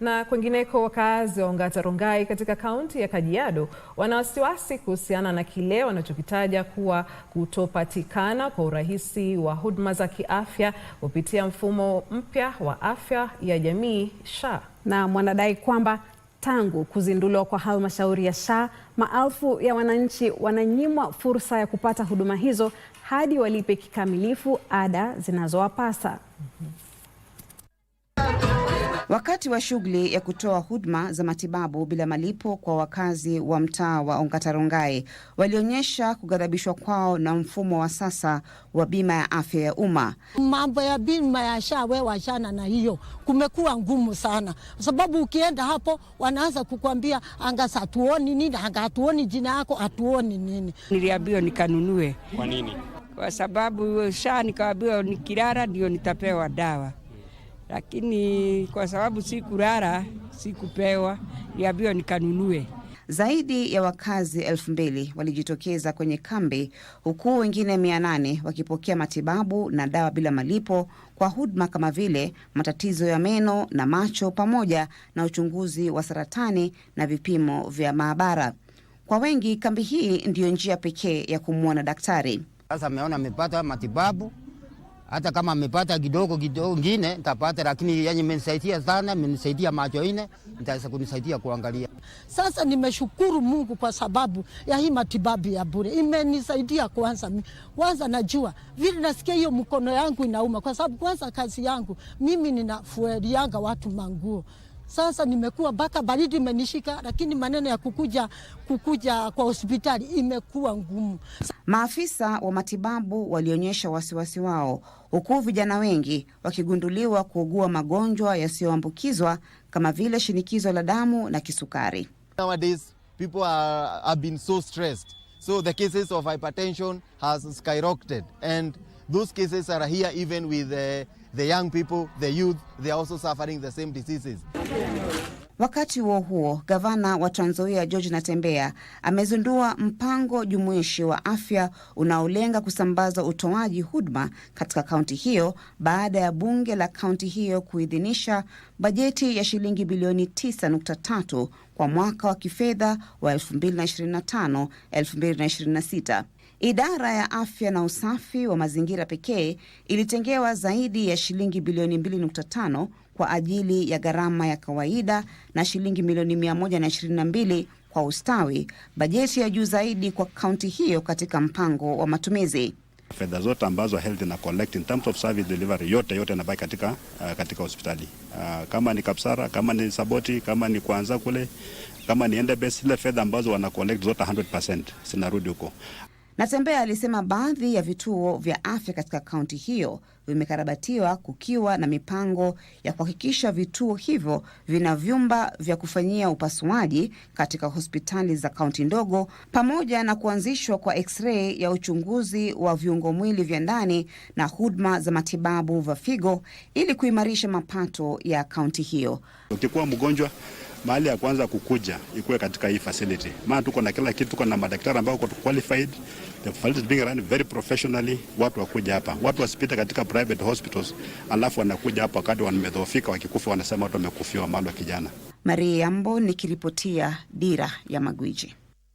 Na kwengineko, wakaazi wa Ongata Rongai katika kaunti ya Kajiado wana wasiwasi kuhusiana na kile wanachokitaja kuwa kutopatikana kwa urahisi wa huduma za kiafya kupitia mfumo mpya wa afya ya jamii SHA. Naam, wanadai kwamba tangu kuzinduliwa kwa halmashauri ya SHA, maelfu ya wananchi wananyimwa fursa ya kupata huduma hizo hadi walipe kikamilifu ada zinazowapasa. mm -hmm. Wakati wa shughuli ya kutoa huduma za matibabu bila malipo kwa wakazi wa mtaa wa Ongatarongai, walionyesha kugadhabishwa kwao na mfumo wa sasa wa bima ya afya ya umma. Mambo ya bima ya SHA wewe na hiyo, kumekuwa ngumu sana, kwa sababu ukienda hapo wanaanza kukwambia anga hatuoni nini, anga hatuoni jina yako, hatuoni nini. Niliambiwa nikanunue. Kwa nini? Kwa sababu SHA nikawambiwa nikilala ndio nitapewa dawa lakini kwa sababu si kurara si kupewa niambiwa nikanunue. Zaidi ya wakazi elfu mbili walijitokeza kwenye kambi huku wengine mia nane wakipokea matibabu na dawa bila malipo kwa huduma kama vile matatizo ya meno na macho pamoja na uchunguzi wa saratani na vipimo vya maabara. Kwa wengi kambi hii ndiyo njia pekee ya kumwona daktari. Sasa ameona amepata matibabu hata kama amepata kidogo kidogo ngine ntapata, lakini yani imenisaidia sana, menisaidia macho ine, nitaweza kunisaidia kuangalia. Sasa nimeshukuru Mungu kwa sababu ya hii matibabu ya bure, imenisaidia kwanza. Kwanza najua vile nasikia hiyo mkono yangu inauma, kwa sababu kwanza kazi yangu mimi ninafuelianga watu manguo sasa nimekuwa mpaka baridi imenishika, lakini maneno ya kukuja kukuja kwa hospitali imekuwa ngumu. Maafisa wa matibabu walionyesha wasiwasi wao, huku vijana wengi wakigunduliwa kuugua magonjwa yasiyoambukizwa kama vile shinikizo la damu na kisukari. Nowadays, people are, have been so stressed. So the cases of hypertension has skyrocketed and those cases are here even with uh, the young people, the youth, they are also suffering the same diseases. Wakati huo huo, gavana wa Trans Nzoia George Natembeya amezindua mpango jumuishi wa afya unaolenga kusambaza utoaji huduma katika kaunti hiyo baada ya bunge la kaunti hiyo kuidhinisha bajeti ya shilingi bilioni 9.3 kwa mwaka wa kifedha wa 2025/2026. Idara ya afya na usafi wa mazingira pekee ilitengewa zaidi ya shilingi bilioni 2.5 kwa ajili ya gharama ya kawaida na shilingi milioni 122 kwa ustawi, bajeti ya juu zaidi kwa kaunti hiyo katika mpango wa matumizi. Fedha zote ambazo health na collect in terms of service delivery yote yote inabaki katika, uh, katika hospitali uh, kama ni kapsara, kama ni saboti, kama ni kwanza kule, kama ni enda base, zile fedha ambazo wana collect zote 100% zinarudi huko. Natembeya alisema baadhi ya vituo vya afya katika kaunti hiyo vimekarabatiwa kukiwa na mipango ya kuhakikisha vituo hivyo vina vyumba vya kufanyia upasuaji katika hospitali za kaunti ndogo pamoja na kuanzishwa kwa x-ray ya uchunguzi wa viungo mwili vya ndani na huduma za matibabu vya figo ili kuimarisha mapato ya kaunti hiyo. Ukikuwa mgonjwa mahali ya kwanza kukuja ikuwe katika hii facility, maana tuko na kila kitu, tuko na madaktari ambao wako qualified, the facility being run very professionally. Watu wakuja hapa, watu wasipita katika private hospitals, alafu wanakuja hapa wakati wamedhoofika, wakikufa wanasema watu wamekufiwa, mali wa kijana. Maria Yambo nikiripotia Dira ya Magwiji.